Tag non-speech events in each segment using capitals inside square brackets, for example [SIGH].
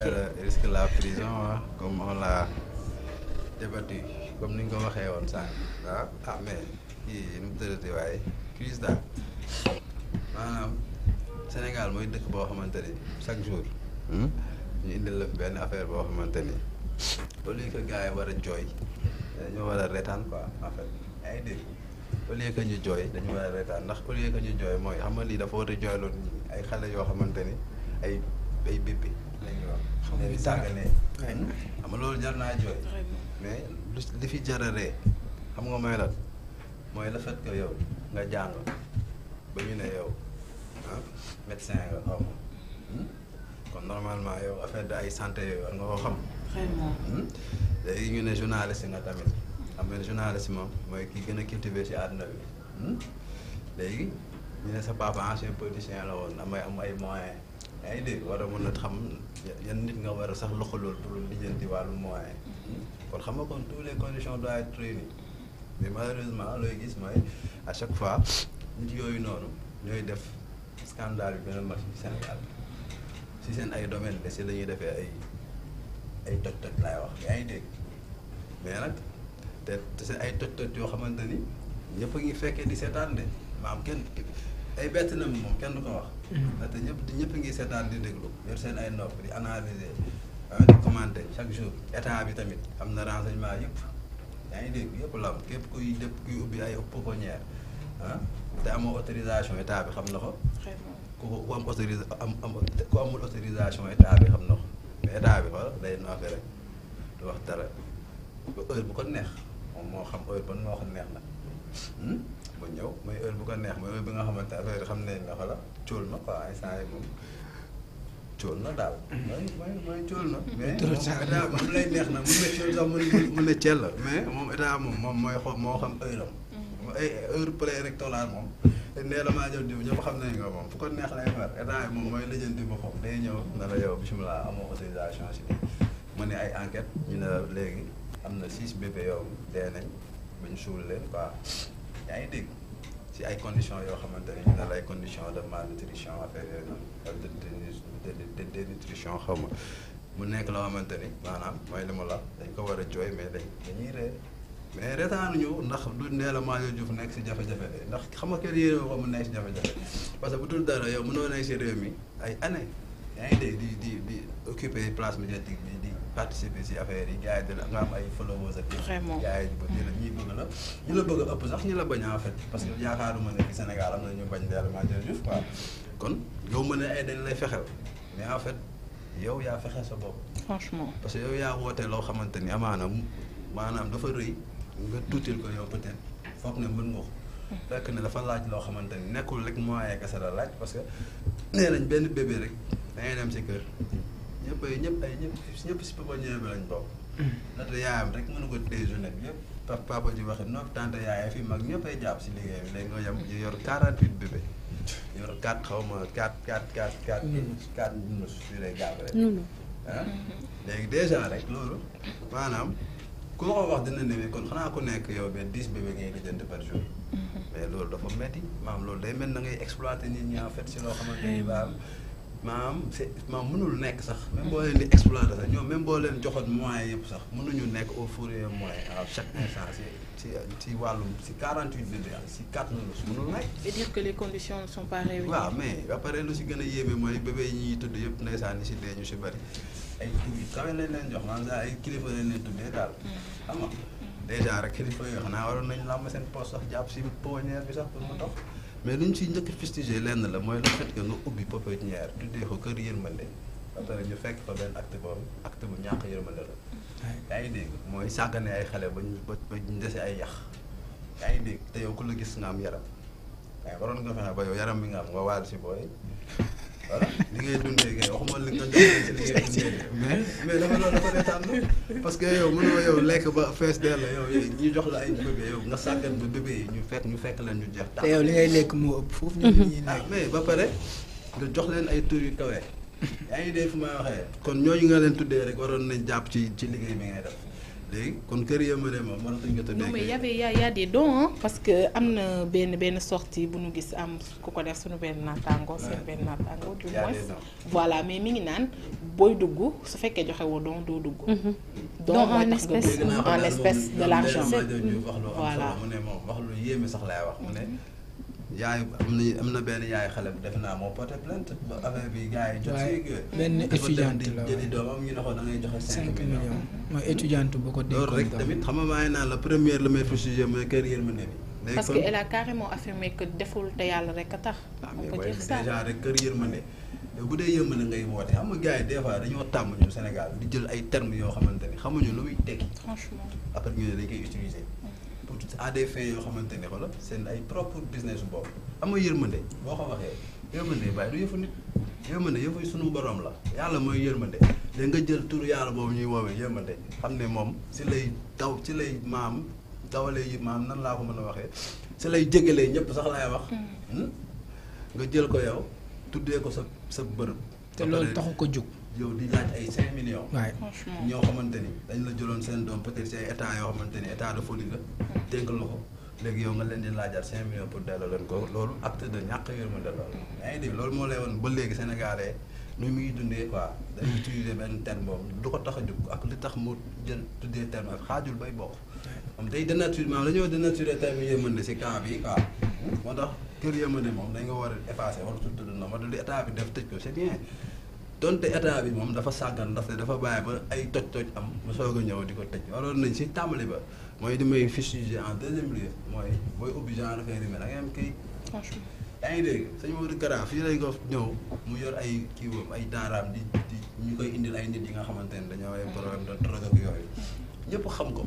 Elle la prison ah comme on l'a débattu comme ni ñu ko waxee woon sànq ah ah mais kii nu mu waaye crise maanaam Sénégal mooy dëkk boo xamante ni chaque jour. Hmm? ñu indi la benn affaire boo xamante ni au lieu que yi war a jooy dañu war a reetaan quoi en ay dégg au ñu jooy dañu war a reetaan ndax au lieu ñu jooy mooy xam nga lii dafa war a ay xale yoo xamante ni ay ay xam nga sàggane hmm? xam nga loolu jar naa jooy mais lu li fi jararee xam nga mooy lan mooy le fait que yow nga jàng ba ñu ne yow ah, médecin nga hmm? kon normalement yow affaire de ay santé yooyu war nga ko xam hmm? léegi ñu ne journaliste nga tamit xam nga journaliste moom mooy ki gën a cultivé ci àdduna bi léegi ñu ne sa papa ancien politicien la woon damay am ay moyens yaa ngi war a mën a xam yan nit nga war a sax loxo loxolool pour lijjanti wàllu moyen kon xam nga kon tous les conditions doivent être réunies mais malheureusement looy gis mooy à chaque fois nit yooyu noonu ñooy def scandale yu gën a ci si seen ay domaine de si la defee ay ay toj-toj laay wax yaa dégg mais nag te seen ay toj-toj yoo xamante ni ñëpp ngi fekkee di seetaan de maam kenn ay bett na moom kenn ko wax ndaxte ñëpp ñëpp ngi seetaan di déglu yor seen ay nopp di analyser ah, di commenter chaque jour état bi tamit am na renseignement yëpp yaa ngi dégg yëpp la am képp kuy dëpp kuy ubbi ay pouponnière ah te amoo bi xam na ko. ku am autorisa am am ku wax dara ba bu ko neex moom moo xam heure ban xam neex na hmm? ba ñëw mooy heure ko neex mooy heure bi nga xamante affaire xam nañ la cool na quoi instant yii moom cool na daal. mooy mooy cool na. mais moom lay neex na mais moom état moom moom mooy xam moo xam heure am. Mm. moom ay moom. nee la maa diw ñëpp xam nañ nga moom fu ko neex lay far état moom mooy lijjanti boppam day ñëw na la yow bisimilah amoo autorisation si mu ne ay enquête ñu ne léegi am na six bébé yow dee nañ buñ suul leen quoi yaa ngi dégg. si ay conditions yoo xamante ne ñu ne la ay conditions de malnutrition affaire yooyu noonu de de de dénutrition xaw ma mu nekk loo xamante ni maanaam mooy li mu la dañ ko war a jooy mais dañ dañuy ree mais retaanuñu ndax du nee la Madio Diouf nekk si jafe-jafe ndax xam nga kër yéen ko mu nekk si jafe-jafe parce que bu dul dara yow mënoo nekk si réew mi ay années yaa ngi dégg di di di occuper place médiatique di. participer si affaire yi gars yi dina nga am ay followers ak vraiment gars yi ba dina ñuy bëgg la a ëpp sax ñu la bañ en parce que yaakaaruma ne Sénégal am na ñu bañ réellement Diouf quoi kon yow mën ne ay dañ lay fexel mais en fait yaa fexel sa bopp franchement parce que yow yaa woote loo xamante ni amaana maanaam dafa rëy nga tuutil ko yow peut foog ne mën fekk ne dafa laaj loo xamante nekkul rek moyen kese la laaj parce que nee nañ benn bébé rek dangay dem si kër ñëpp ñëpp ay ñëpp ñëpp si pouponnière bi lañ bokk. Mm. ndaxte yaayam rek mënu ko téye journée bi yëpp. papa papa ji waxit noonu tante yaayam fii mag ñëpp ay jàpp si liggéey bi léegi nga yem ñu yor 48 bébé yor 4 xaw ma 4 4 4 4. 4 nus yu lay gàpp rek. ah léegi dèjà rek loolu maanaam ku ko wax dina ne kon xanaa ku nekk yow ba 10 bébé ngay di jënd par jour. Mm-hmm. mais loolu dafa metti maam loolu day mel na ngay exploité nit ñi en fait si loo xamante ni daal. Mm. maanaam c'est maanaam mënul nekk sax. même boo leen di exploiter sax ñoom même boo leen joxoon moyens yëpp sax nañu nekk au fur et à moyen à chaque instant si si wàllum si 48 heures si 4 mois mënul nekk. et dire que les conditions si gën a mooy bébé yi ñuy tudd yëpp ndeysaan yi si ñu si bëri ay tur yu kawe lañ leen jox maanaam daal ay kilifa lañ leen tuddee daal hmm. xam nga. rek kilifa yoo naa waroon nañu làmb seen poste sax jàpp si pouponnière bi sax pour ma topp. mais lu ñu si njëkk fustigé lenn la mooy le fait que nga ubbi pépinière tuddee ko kër yërmande après ñu fekk fa benn acte boobu acte bu ñàkk yërmande la yaa ngi dégg mooy sàggane ay xale ba ñu ba ñu dese ay yax yaa dégg te yow ku la gis nga am yaram waaye waroon nga fexe ba yow yaram bi nga am nga waar si booy voilà li ngay dundee kay waxuma li nga dundee mais mais dafa loolu dafa reetaan na parce que yow mënoo yow lekk ba fees dell la yow ñu jox la ay bébé yow nga sàggan ba bébé yi ñu fekk ñu fekk la ñu jeex. te yow li ngay lekk moo ëpp foofu. ñun ñii ah, nekk mais ba pare nga jox leen ay tur yu kawe. yaa ngi dégg fu may waxee kon ñooñu nga leen tuddee rek waroon nañ jàpp ci ci liggéey bi ngay def. léegi kon kër ya ma ne ma man dañu ko. non mais y avait y a y a des parce que am na benn benn sortie bu nu gis am ku ko def suñu benn naataango seen benn naataango du moins voilà mais mi ngi naan booy dugg su fekkee joxe woo don doo dugg. Mhm. don en espèce en espèce de l'argent voilà mu ne ma wax lu yéeme sax laay wax mu ne. yaay am na am benn yaay xale def naa moo porté plainte ba affaire bi gars yi. jot si kër benn étudiante la jëli doomam ñu ne ko da ngay joxe. 5 millions mooy xam nga maa ngi la première le meilleur sujet bi. parce que elle a carrément affirmé que deful te yàlla rek a tax. Ah, on peut dire ça déjà rek kër yërmande bu dee yërmande ngay woote xam nga gars yi des fois dañoo tàmm ñu Sénégal di jël ay termes yoo xamante ni xamuñu lu muy tekki. franchement après ñu dañ koy utiliser à des fins yoo xamante ne wala seen ay propre business boobu am nga yërmande boo ko waxee yërmande bàyyi du yëfu nit yërmande yëfu suñu boroom la yàlla mooy yërmande da nga jël tur yàlla boobu ñuy woowee yërmande xam ne moom si lay daw ci lay maam dawalee yi maam nan laa ko mën a waxee si lay jégalee ñëpp sax laay wax mm. hmm? nga jël ko yow tuddee ko sa sa bërëb te loolu taxu ko jóg yow di laaj ay 5 millions. waay ñoo xamante ni dañ la jëloon seen doom peut ci ay état yoo xamante ni état de folie la. Hmm. dénk la ko yow nga leen di laajaat pour delloo leen ko loolu acte de ñàkk yërmande la. loolu woon ba léegi sénégalais nu muy dundee quoi dañuy hmm. utiliser benn terme boobu du ko tax a jóg ak li tax mu jël tuddee terme ak xaajul bay bokk. moom day dénature maanaam dañoo dénaturer terme yërmande ci camp bi hmm. moo tax kër yërmande moom dañ ko war a effacer war tudd na ma du li état bi def tëj ko c'est bien. donte état bi moom dafa sàggan ndaxte dafa bàyyi ba ay toj-toj am mu soog a ñëw di ko tëj waroon nañ si tàmbali ba mooy di may fustiger en deuxième lieu mooy booy ubbi genre affaire yi da ngay am kayit. yaa ngi dégg ko mu yor ay kii woom ay daaraam di ñu koy indil ay nit yi nga xamante ne dañoo ay problème de drogue ak yooyu xam ko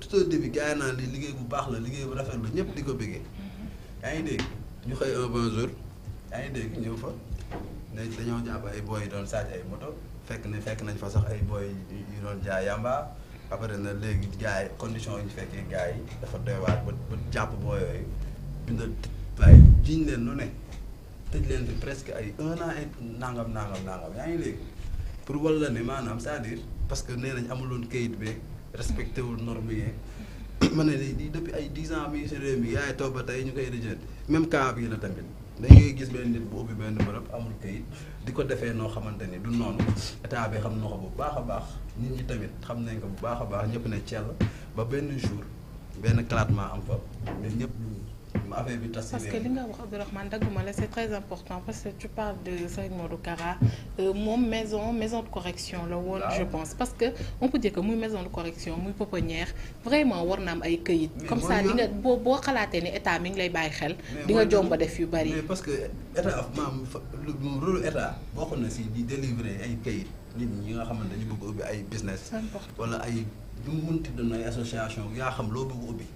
tout au début gars yi naan bu baax la liggéey bu rafet la ñëpp di ko bëggee mm-hmm. yaa ngi dégg ñu xëy un bon dégg ñëw fa. dañoo jàpp ay booy yu doon sàcc ay moto fekk ne fekk nañ fa sax ay booy yu doon jaay yamba après na léegi gars yi condition yi ñu fekkee gars yi dafa doy waar ba ba jàpp booy yooyu bindal waaye jiñ leen lu ne tëj leen fi presque ay un an et nangam nangam nangam yaa ngi léegi pour walla ne maanaam sa à dire parce que nee nañ amuloon kayit beeg respecté wul norme yeeg [COUGHS] ma ne depuis ay dix ans mi si réew mi yaay toog ba tey ñu koy lijjanti même cas bii la tamit. dañuy gis benn nit bu ubbi benn bërëb amul kayit di ko defee noo xamante ni du noonu état bi xam na ko bu baax a baax nit ñi tamit xam nañ ko bu baax a baax ñëpp ne cell ba benn jour benn classement am fa ñun ñëpp. affaire bi tas parce que li nga wax Abdourahmane dagguma la c'est très important parce que tu parles de Serigne Modou Kara euh, moom maison maison de correction la woon je pense parce que on peut dire que muy maison de correction muy pouponnière vraiment war na am ay këyit comme ça li boo boo xalaatee ne état mi ngi lay bàyyi xel di nga jomba def yu bari mais parce que état maam moom rôle état bokk na si di délivrer ay këyit nit ñi nga xamante dañu bëgg ubbi ay business wala ay ñu munti doon ay yaa xam loo bëgg ubbi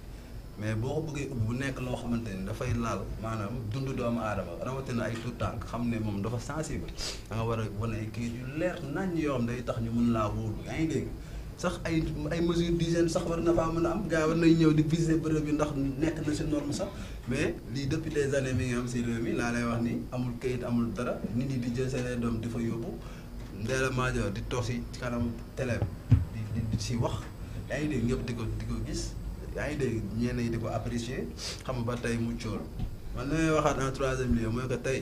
mais boo ko bëggee ubbi bu nekk loo xamante ni dafay laal maanaam dund doomu aadama rawatina ay tout tànk xam ne moom dafa sensible da nga war a wane ay kayit yu leer nañ yoo xam day tax ñu mun laa wóolu yaa ngi dégg sax ay ay mesures d'hygiène sax war na faa mën a am gars war nañ ñëw di visiter bërëb yi ndax nekk na si norme sax mais lii depuis des années mi ngi am si réew laa lay wax ni amul kayit amul dara nit ñi di jël seen doom di fa yóbbu Ndella di toog si kanam télé di di si wax yaa ngi ñëpp di ko di ko gis. yaa ngi dégg ñenn yi di ko apprécier xam ba tey mu cool man na may waxaat en troisième lieu mooy que tey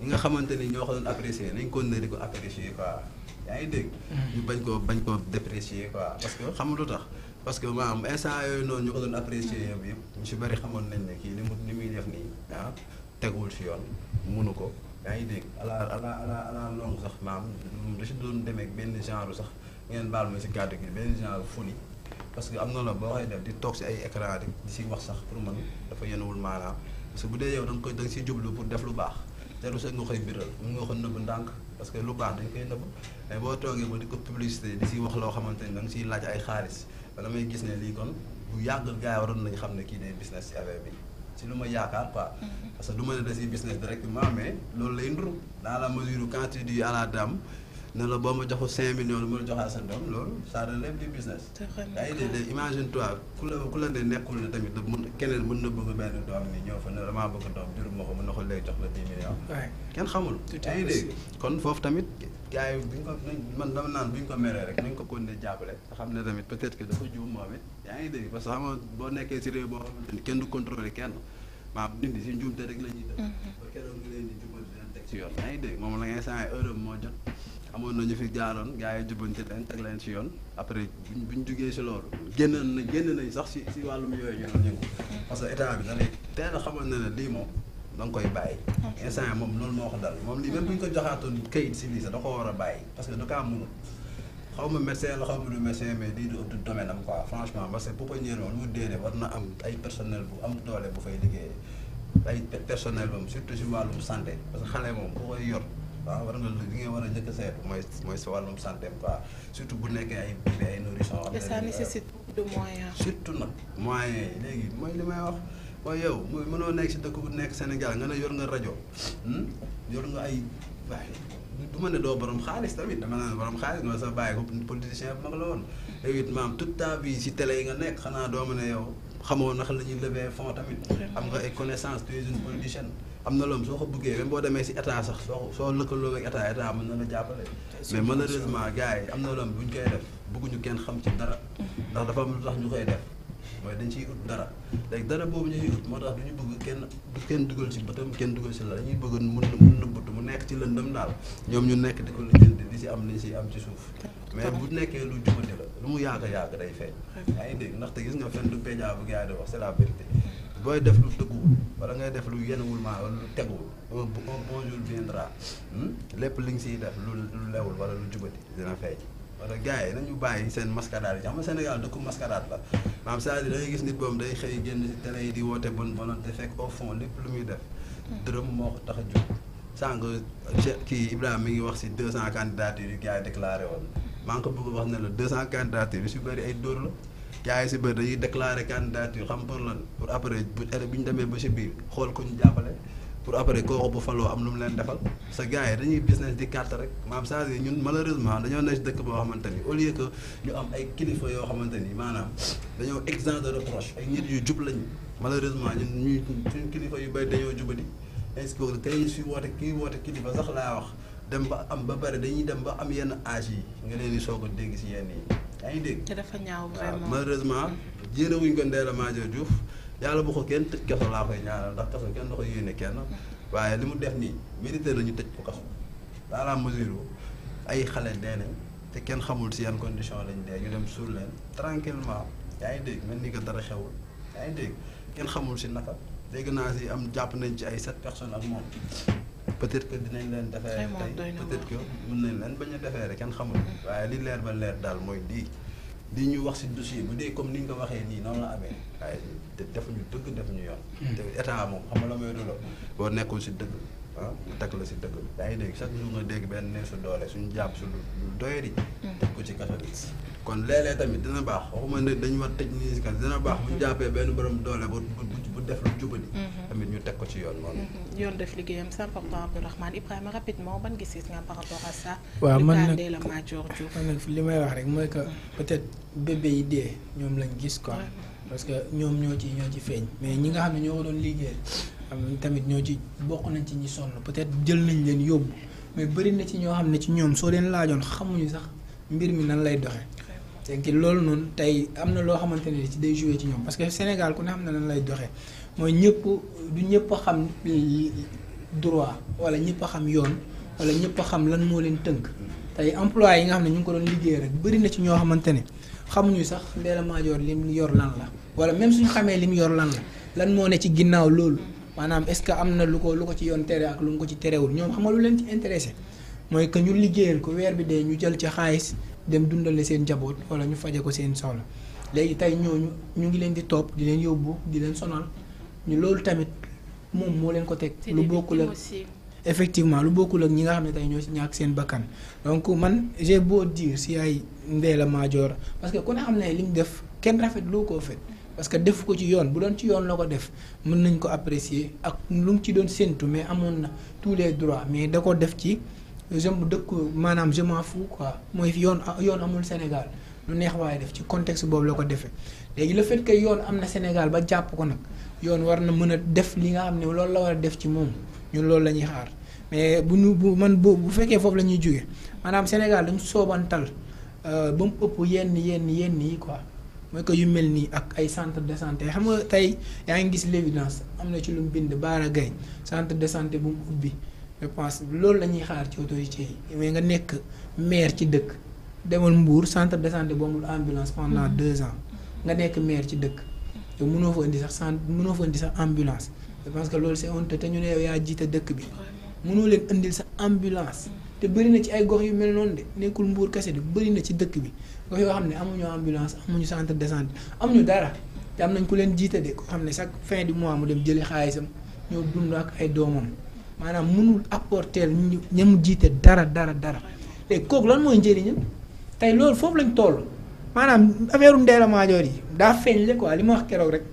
ñi nga xamante ni ñoo ko doon apprécier nañ ko ne di ko apprécier quoi yaa ngi dégg. Mm-hmm. bañ koo bañ koo déprécier quoi parce que xam lu tax. parce que maanaam instant yooyu noonu ñu ko doon apprécier yëpp yëpp ñu si bari xamoon nañ ne kii ni mu ni muy def nii ah si yoon munu ko yaa ngi dégg ala ala ala ala long sax maam da si doon demee benn genre sax ngeen baal ma si kàddu gi benn genre foni parce que am na la boo koy def di toog si ay écran rek di si wax sax pour man dafa yenuwul maanaam parce que bu dee yow da koy da nga siy jublu pour def lu baax jarul sax nga koy biral mu nga ko nëbb ndànk parce que lu baax dañ koy nëbb mais boo toogee ba di ko publicité di si wax loo xamante ni da siy laaj ay xaalis wala may gis ne lii kon bu yàgg gars yi waroon nañ xam ne kii day business si affaire bi si lu ma yaakaar quoi mm-hmm. que du ma ne da si business directement mais loolu lay ndur dans la mesure quand tu dis à la dame ne boo ma joxu cinq millions ma la joxaa sa doom loolu ça relève du business ay dée imagine toi ku la ku la ne tamit mën keneen mën na ma ko na bu ñu ko meree rek ko kon ne jàppale nga xam ne tamit peut-être que dafa juum moom it yaa ngi dégg parce que xam nga boo nekkee si réew boo xamante ni kenn du kenn maam dindi si la ñuy def mm-hmm. ba keroog nga leen di jubal di leen teg si yoon yaa ngi dégg moom la ngay sane moo jot amoon na ñu fi jaaroon gaa yi jubbanti leen teg leen ci yoon après buñ buñ jugee si loolu génn na génn nañ sax si si wàllum yooyu ñu doon yëngu parce que état bi da lay teel a xamal na ne lii moom da nga koy bàyyi. instant yi moom loolu moo ko dal moom lii même bu ñu ko joxaatoon kayit si lii sax da ko war a bàyyi parce que da kaa xaw ma médecin la xaw ma du médecin mais lii du domaine am quoi franchement parce que pouponnière moom lu mu dee war na am ay personnel bu am doole bu fay liggéeyee ay personnel moom surtout si wàllum santé parce que xale moom bu koy yor. waaw war nga bi ngay war a njëkk a seet mooy mooy sa wàllum santé quoi surtout bu nekkee ay bébé ay nourrisson et surtout nag moyens yi léegi mooy li may wax mooy yow mooy mënoo nekk si dëkk bu nekk Sénégal nga ne yor nga rajo hmm? yor nga ay waaye du ma ne doo borom xaalis tamit dama naan borom xaalis nga sa bàyyi ko politicien bu mag la woon yow it maam toute ta vie si télé yi nga nekk xanaa doo ma ne yow xamoo naka la ñuy lever fonds tamit am nga ay connaissance am na loom soo ko bëggee même boo demee si état sax soo soo lëkkaloo ak état état mën na la jàppale. mais malheureusement gars yi am na loolu bu ñu koy def bëgguñu kenn xam ci dara. ndax dafa am lu tax ñu koy def mooy dañ ciy ut dara léegi dara boobu ñuy moo tax du ñu bëgg kenn du kenn dugal si bëtam kenn dugal si la dañuy bëgg mu nëbbatu mu nekk ci lëndëm daal ñoom ñu nekk di ko lijjanti di si am li si am ci suuf. mais bu nekkee lu jubati la lu mu yàgg a yàgg day feeñ. yaa ngi ndaxte gis nga fenn du pédia bu gars yi di wax c'est la booy def lu dëgguwul wala ngay def lu yenuwul maa wala lu teguwul un bon jour viendra hmm? lépp li nga siy def lu lu lewul wala lu jubati dina feeñ wala gars yi nañu bàyyi seen mascarade yi xam nga Sénégal dëkku mascarade la maam c'est-à-dire da ngay gis nit boobu day xëy génn si yi di woote bonne volonté fekk au lépp lu muy def hmm. dërëm moo ko tax a jóg sànq kii Ibrahima mi ngi wax si deux cent candidatures yu gars yi déclaré woon hmm. maa ngi ko bëgg wax ne la deux cent candidatures yu si bëri ay dóor la yaay si bëri dañuy déclarer candidature xam pour lan pour après bu bi ñu demee ba si biir xool ko ñu jàppale pour après kooku bu faloo am lu mu leen defal sa gars yi dañuy business di carte rek maam saa yi ñun malheureusement dañoo nekk dëkk boo xamante ni au lieu que ñu am ay kilifa yoo xamante ni maanaam dañoo exempt de reproche ay nit yu jub lañu malheureusement ñun ñuy kilifa yu bëri dañoo jubadi est-ce que kay si woote kii woote kilifa sax laa wax dem ba am ba pare dañuy dem ba am yenn âge yi nga leen di soog a si yenn yi yaa ngi dégg. te ñaaw vraiment waaw malheureusement. jéere wuñ ko Ndella Madior Diouf yàlla bu ko kenn tëj kaso laa koy ñaanal ndax kaso kenn da koy yéene kenn. waaye li mu def nii mérité nañu tëj ko kaso. dans la mesure ay xale dee nañ te kenn xamul si yan condition lañ dee ñu dem suul leen tranquillement yaa ngi dégg mel ni que dara xewul yaa dégg kenn xamul si naka dégg naa si am jàpp nañ ci ay sept personnes ak moom. peut-être que dinañ leen defee tey peut-être nañ leen bañ a defee kenn xamul mm. waaye li leer ba leer daal mooy lii di ñu wax ci dossier bu dee comme ni nga ko waxee nii noonu la amee waaye defuñu dëgg defuñu yoon mm. te état moom xam nga la mooy dolo boo nekkul ci dëgg ah mu teg la si dëgg bi yaa ngi dégg chaque jour nga dégg benn ne su doole suñu jàpp su lu doyari mm. teg ko ci kaso bi kon léeg tamit dina baax waxuma ne dañ war tëj nii si kan dina baax bu ñu jàppee benn borom doole bu bu def lu jubali mm-hmm. ñu teg ko ci yoon moom mm-hmm. yoon def liggéeyam c'est important Abdourahmane Ibrahima rapidement ban gis-gis nga par rapport à ça. waaw li may wax rek mooy que mm-hmm. peut-être bébé yi dee ñoom lañ gis quoi. parce que ñoom ñoo ci ñoo ci feeñ. mais ñi nga xam ne ñoo ko doon liggéey am tamit ñoo ci bokk nañ ci ñi sonn peut-être jël nañ leen yóbbu mais bëri na ci ñoo xam ne ci ñoom soo leen laajoon xamuñu sax mbir mi nan lay doxee. te ki loolu noonu tey am na loo xamante ne ci day joué ci ñoom parce que Sénégal ku ne xam ne nan lay doxee. mooy ñëpp du ñëpp a xam droit wala ñëpp a xam yoon wala ñëpp a xam lan moo leen tënk tey emploi yi nga xam ne ñu ngi ko doon liggéey rek bëri na ci ñoo xamante ne xamuñu sax Ndella Madior lim yor lan la wala même suñu xamee lim yor lan la lan moo ne ci ginnaaw loolu maanaam est-ce que am na lu ko lu ko ci yoon tere ak lu mu ko ci terewul ñoom xam lu leen ci intéressé mooy que ñu liggéeyal ko weer bi dee ñu jël ci xaalis dem dundale seen njaboot wala ñu faje ko seen soxla léegi tey ñooñu ñu ngi leen di topp di leen yóbbu di leen sonal ñu loolu tamit moom moo leen ko teg lu bokkul ak effectivement lu bokkul ak ñi nga xam ne tey ñoo ci ñàkk seen bakkan donc man j'ai beau dire si ay Ndella Madior parce que ku ne xam ne li mu def kenn rafet loo ko fet parce que def ko ci yoon bu doon ci yoon la ko def mën nañ ko apprécier ak lu mu ci doon séntu mais amoon na tous les droits mais da ko def ci je me dëkk maanaam je m'en fous quoi mooy yoon yoon amul Sénégal lu neex waaye def ci contexte boobu la ko defee léegi le fait yoon am na Sénégal ba jàpp ko nag yoon war na mën a def li nga xam ne loolu la war a def ci moom ñun loolu la ñuy xaar mais bu nu bu man bu bu fekkee foofu la ñuy jógee maanaam Sénégal dañ soobantal euh, ba mu ëpp yenn yenn yenn yi quoi mooy que yu mel nii ak ay centre de santé xam nga tey yaa ngi gis l'évidence am na ci lu mu bind Baara Gaye centre de santé bu mu ubbi je pense loolu la ñuy xaar ci autorité yi mais nga nekk maire ci dëkk demal Mbour centre de santé bu amul ambulance pendant mm-hmm. nga nekk maire ci dëkk munoo mënoo fa indi sax sant munoo fa indi sax ambulance parce que loolu c'est honte te ñu ne yow jiite dëkk bi mënoo leen indil sax ambulance te bëri na ci ay gox yu mel noonu de nekkul mbuur kese de bëri na ci dëkk bi gox yoo xam ne amuñu ambulance amuñu centre de santé ñu dara te am nañ ku leen jiite de koo xam ne chaque fin du mois mu dem jëli xaalisam ñoo dund ak ay doomam maanaam munul apporter ñu ñam jiite dara dara dara te kook lan mooy njëriñam tey loolu foofu lañ toll. maanaam affaire Ndella Madior yi daa feeñ le quoi li ma wax keroog rek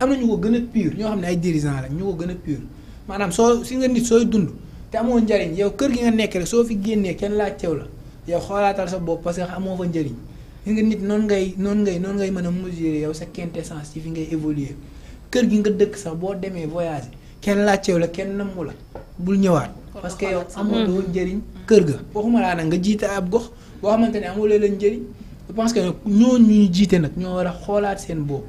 am na ñu ko gën a pur ñoo xam ne ay dirigeant la ñu ko gën a pur maanaam soo si nga nit sooy dund te amoo njariñ yow kër gi nga nekk soo fi génnee kenn laaj teew la yow xoolaatal sa bopp parce que amoo fa njariñ li nga nit noonu ngay noonu ngay noonu ngay mën a mesurer yow sa quintessence ci fi ngay évoluer kër gi nga dëkk sax boo demee voyager kenn laa laajteew la kenn nammu la bul ñëwaat parce que yow amoo doo njëriñ mm. kër ga waxuma laa nag nga jiite ab gox boo xamante ne amoo leen njëriñ pense que ñooñu ñu jiite nag ñoo war a xoolaat seen bopp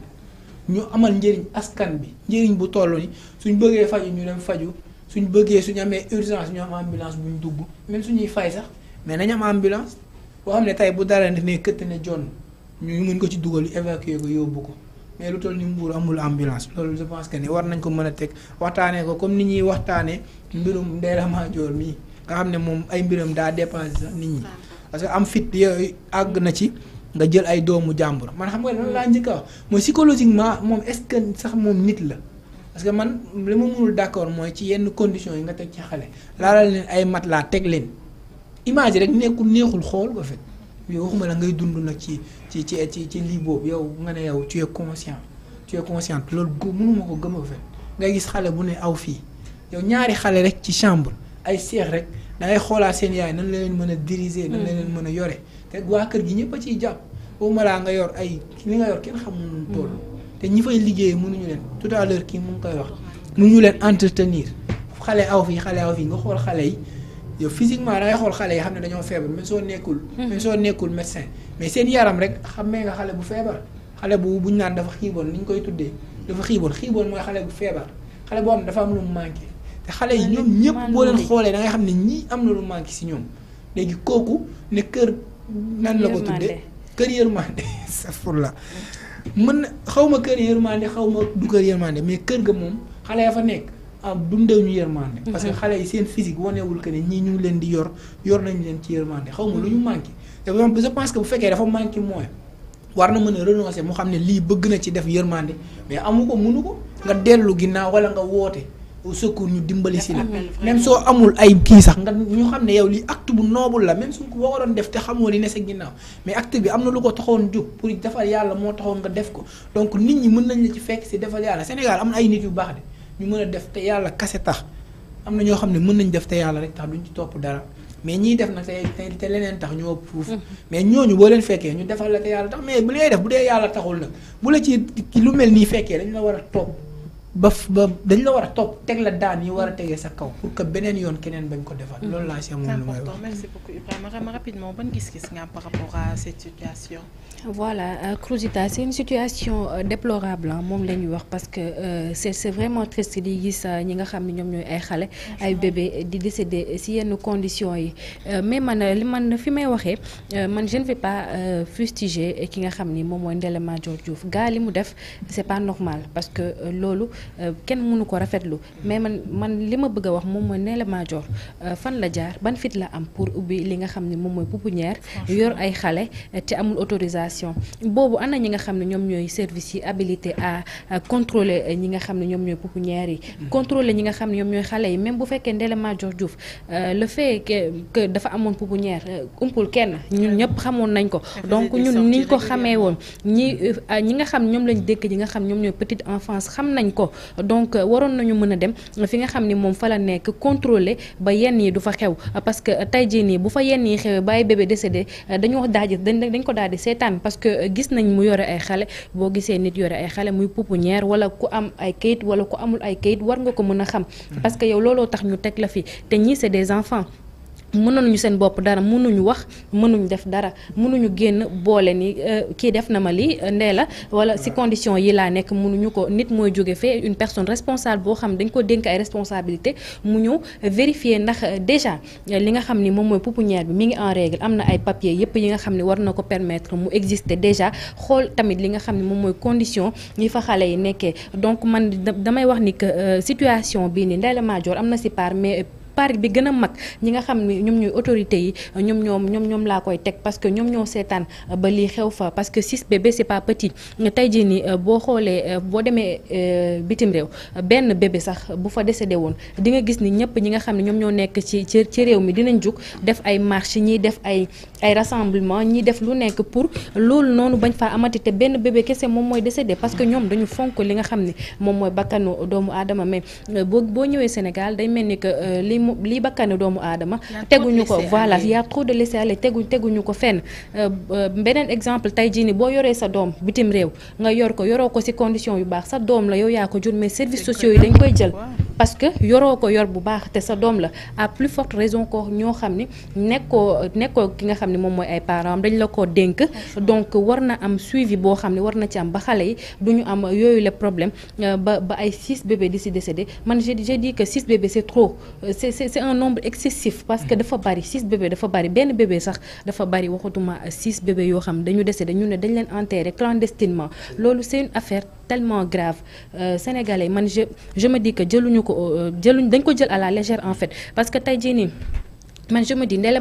ñu amal njëriñ askan bi njëriñ bu toll ni suñ bëggee faju ñu dem faju suñ bëggee suñu amee urgence ñu am ambulance bu ñu dugg même suñuy fay sax mais nañ am ambulance boo xam ne tey bu dara ne këtt ne jonn ñu mën ko ci dugal évacuer ko yóbbu ko mais lu toll ni Mbour amul ambulance loolu je pense que ne war nañ ko mën a teg waxtaanee ko comme ni ñuy waxtaanee mbirum Ndella Madior mii nga xam ne moom ay mbiram daa nit ñi parce que am fit yooyu àgg na ci nga jël ay doomu jàmbur man xam nga lan laa njëkk a wax mooy psychologiquement moom est-ce que sax moom nit la parce que man li ma mënul d'accord mooy ci yenn condition yi nga teg ci xale laalal leen ay mat laa teg leen image rek nekkul neexul xool ko fait mais waxuma la ngay dund nag ci ci ci ci ci lii boobu yow nga ne yow tu es conscient tu es consciente loolu gë ko gëm a fait ngay gis xale bu ne aw fii yow ñaari xale rek ci chambre ay seex rek dangay xoolaa seen yaay nan la leen mën a diriger nan la leen mën a yore te waa kër gi ñëpp a ciy jàpp boobu malaa nga yor ay li nga yor kenn xamul nu toll te ñi fay liggéey mënuñu leen tout à kii mu ngi koy wax mënuñu leen entretenir xale aw fii xale aw fii nga xool xale yi yow physiquement dangay xool xale yi xam ne dañoo feebar même soo nekkul hmm. même soo mais seen yaram rek xammee nga xale bu feebar xale bu buñ naan dafa xiiboon ni ñu koy tuddee dafa xiiboon xiiboon mooy xale bu feebar xale boo xam dafa am lu mu manqué te xale yi ñoom ñëpp boo leen xoolee dangay xam ne ñii am na lu manqué si ñoom léegi kooku ne kër nan la ko tuddee kër yërmande [LAUGHS] astafurlah mën na xaw ma kër yërmande xaw ma du kër yërmande mais kër ga moom xale ya fa nekk am ah, dundew ñu yërmande mhm. parce que xale yi seen physique wanewul que ne ñii ñu leen di yor yor nañu leen ci yërmande xaw ma lu ñu mhm. manqué te je pense que bu fekkee dafa manqué moyen war na mën a renoncer mu xam ne lii bëgg na ci def yërmande mais amu ko mënu ko nga dellu ginnaaw wala nga woote au secours ñu dimbali si la même soo amul ay kii sax nga ñu xam ne yow li acte bu noble la même suñ ko waroon def te xamoo li ne sa ginnaaw mais acte bi am na lu ko taxoon jóg pour defal yàlla moo taxoon nga def ko donc nit ñi mën nañ la ci fekk si defal yàlla Sénégal am na ay nit yu baax de ñu mën a def te yàlla kase tax am na ñoo xam ne mën nañ def te yàlla rek tax duñ ci topp dara mais ñiy def nag te te leneen tax ñoo fuuf mm-hmm. mais ñooñu boo leen fekkee ñu defal la yàlla tax mais def bu dee yàlla taxul nag la ci lu mel nii fekkee dañ la war a topp ba ba dañ la war a topp teg la daan yi war a tegee sa kaw pour que beneen yoon keneen bañ ko defal. Hmm. loolu laa si amoon lu may wax. merci beaucoup Ibrahima rapidement gis-gis nga am par situation. voilà euh, Cruzita seen situation euh, déplorable moom la ñuy wax parce que euh, c'est c'est vraiment triste di gis ñi nga xam ni ñoom ñooy ay xale ay bébé di décédé ci yenn conditions yi mais man li man fi may waxee man je ne vais pas fustiger ki nga xam ni moom mooy Ndella Madior Diouf gaa li mu def c'est pas normal parce que loolu kenn mënu ko rafetlu mais man man li ma bëgg a wax moom mooy Ndella fan la jaar ban fit la am pour ubbi li nga xam ni moom mooy pouponnière yor ay xale amul autorisation circulation boobu ana ñi nga xam ne ñoom ñooy service yi habilité à contrôler euh, ñi nga xam ne ñoom ñooy pouponnières yi. Mhm. contrôler ñi nga xam ne ñoom ñooy xale yi même bu fekkee Ndella Madior euh, le fait que dafa amoon pouponnière euh, umpul kenn ñun ñëpp xamoon nañ ko. donc ñun niñ ko xamee woon ñi ah, ñi nga xam ñoom lañ dëkk ñi nga xam ñoom ñooy petite enfance xam nañ ko donc waroon nañu mën a dem fi nga xam ni moom fa la nekk contrôler ba yenn yi du fa xew parce que tey jii bu fa yenn yi xewee bàyyi bébé décédé dañoo daaj dañ ko daal seetaan am parce que gis nañ mu yore ay xale boo gisee nit yore ay xale muy pouponnière wala ku am ay kayit wala ku amul ay kayit war nga ko mën a xam mm-hmm. parce que yow looloo tax ñu teg la fi te ñii c'est des enfants ñu seen bopp dara mënuñu wax mënuñu def dara mënuñu génn boole ni euh, kii def na ma li euh, ndee la wala si condition yi laa nekk mënuñu ko nit mooy jóge fee une personne responsable boo xam dañ ko dénk ay responsabilité mu ñëw vérifier ndax euh, déjà li nga xam ni moom mooy pouponnière bi mi ngi en règle am na ay papier yépp yi nga xam ni war na ko permettre mu exister déjà xool tamit li nga xam ni moom mooy condition yi fa xale yi nekkee donc man damay wax ni que situation bii ni Ndella Madior am na si part mais parc bi gën a mag ñi nga xam ne ñoom ñooy autorité yi ñoom ñoom ñoom ñoom laa koy teg parce que ñoom ñoo seetaan euh, ba lii xew fa parce que 6 bébé c'est pas petit tey jii nii euh, boo xoolee euh, boo demee bitim réew benn bébé sax bu fa desee décédé woon di nga gis ni ñëpp ñi nga xam ne ñoom ñoo nekk ci ci réew mi dinañ jug def ay marche ñiy def ay ay rassemblement ñi def lu nekk pour loolu noonu bañ faa amati te benn bébé kese moom mooy décédé parce que ñoom dañu fonk li nga xam ne moom mooy bakkanu doomu aadama mais euh, boo boo ñëwee Sénégal day mel ni que euh, li mu lii bakkanu doomu aadama teguñu ko voilà y a trop de laisser aller tegu ñu ko fenn euh, beneen exemple tey jii ni boo yoree sa doom bitim réew nga yor ko yoroo ko si condition yu baax sa doom la yow yaa ko jur mais services sociaux yi dañ koy jël parce que yoroo ko yor bu baax te sa doom la à plus forte raison ñoo xam ne nekkoo nekkoo xam ne moom mooy ay parents am dañ la ko dénk donc war na am suivi boo xam ne war na ci am ba xale yi du ñu am yooyu le problème euh, ba ba ay six bébés di si décédé man j'ai dit que six bébés c'est trop euh, c'est c'est un nombre excessif parce que mm-hmm. dafa bari six bébés dafa bari benn bébé sax dafa bari waxatuma six bébés yoo xam dañu décédé ñu ne dañ leen enterré clandestinement mm-hmm. loolu c'est une affaire telement grave euh, sénégalais man je je me ñu que jëluñu ko euh, dañ ko jël à la légère en parce que tey jii man je me dis Ndella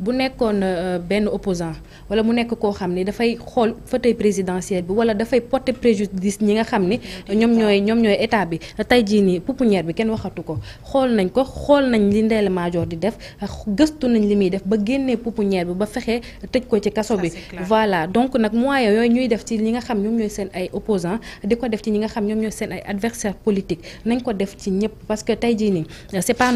bu nekkoon euh, benn opposant wala mu nekk koo xam ne dafay xool fauteuil présidentiel bi wala dafay porter préjudice ñi nga xam ne ñoom ñooy ñoom ñooy état bi tey jii nii pouponnière bi kenn waxatu ko xool nañ ko xool nañ li Ndella Madior di def gëstu nañ li muy def ba génnee pouponnière bi ba fexe tëj ko ci kaso bi voilà donc nag moyen yooyu ñuy def ci ñi nga xam ñoom ñooy seen ay opposant di ko def ci ñi nga xam ñoom ñooy seen ay adversaire politique nañ ko def ci ñëpp parce que tey jii nii c'est pas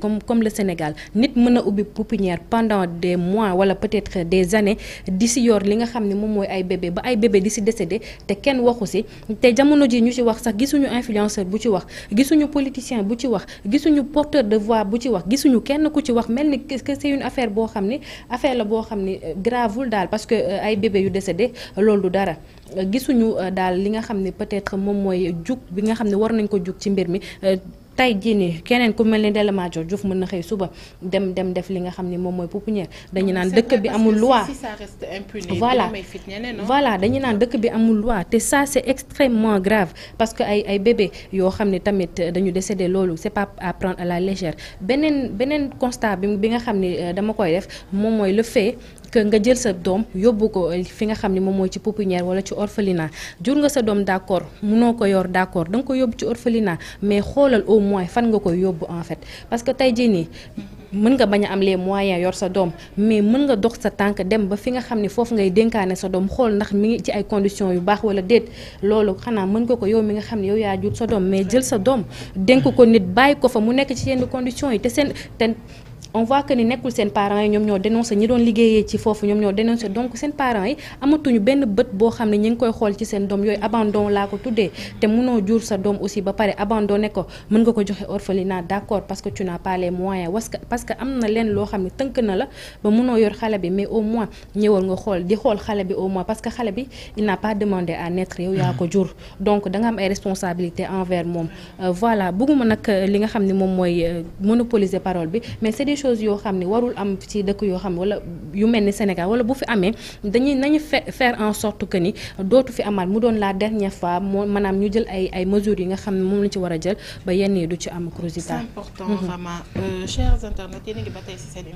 comme comme le Sénégal nit mën a ubbi pouponnière pendant des mois wala peut-être des années di si yor li nga xam ne moom mooy ay bébé ba ay bébé di si décédé te kenn waxu si te jamono ji ñu si wax sax gisuñu influenceur bu ci wax gisuñu politicien bu ci wax gisuñu porteur de voie bu ci wax gisuñu kenn ku ci wax mel ni que ci une affaire boo xam ne affaire la boo xam ne euh, gravul daal parce que euh, ay bébé yu décédé loolu dara euh, gisuñu daal li nga xam ne peut-être moom mooy jug bi nga xam ne war nañ ko jug ci mbir mi tey jii nii keneen ku mel ni Ndella Madior mën na xëy suba dem dem def li nga xam ni moom mooy pouponnière dañu naan dëkk bi amul loi voilà voilà dañu naan dëkk bi amul loi te ça c'est extrêmement grave parce que ay ay bébé yoo xam ne tamit dañu décédé loolu c'est pas à la légère beneen beneen constat bi bi nga xam ni euh, dama koy def moom mooy le fait que nga jël sa doom yóbbu ko eh, fi nga xam ne moom mooy ci pouponnière wala ci orphelinat jur nga sa doom d' accord munoo ko yor d' accord da ko yóbbu ci orphelinat mais xoolal au moins fan nga koy yóbbu en fait parce que tey jii nii mën nga bañ a am les moyens yor sa doom mais mën nga dox sa tànk dem ba fi nga xam ne foofu ngay dénkaane sa doom xool ndax mi ngi ci ay conditions yu baax wala déet loolu xanaa mën nga ko yow mi nga xam ne yow yaa jur sa doom mais jël sa doom dénk ko nit bàyyi ko fa mu nekk ci yenn condition yi te seen te on voit que ni nekkul seen parents yi ñoom ñoo dénoncé ñi doon liggéeyee ci foofu ñoom ñoo dénoncé donc seen parents yi amatuñu benn bët boo xam ne ñi ngi koy xool ci seen doom yooyu abandon laa ko tuddee te mënoo jur sa doom aussi ba pare abandonné ko mën nga ko joxe orphelinat d'accord parce que tu n'as pas les moyens was parce que am na leen loo xam ne tënk na la ba mënoo yor xale bi mais au moins ñëwal nga xool di xool xale bi au moins parce que xale bi il n'a pas demandé à naître yow ko hmm. jur donc da nga am ay responsabilité envers moom euh, voilà bëgguma nag euh, li nga xam ne moom mooy euh, monopoliser parole bi choses yoo xam ne warul am ci dëkk yoo xam ne wala yu mel ni Sénégal wala bu fi amee dañuy nañu faire en sorte que ni dootu fi amaat mu doon la dernière fois moo maanaam ñu jël ay ay mesures yi nga xam ne moom la ci war a jël ba yenn yi du ci am Cruzita. Mhm. Euh, a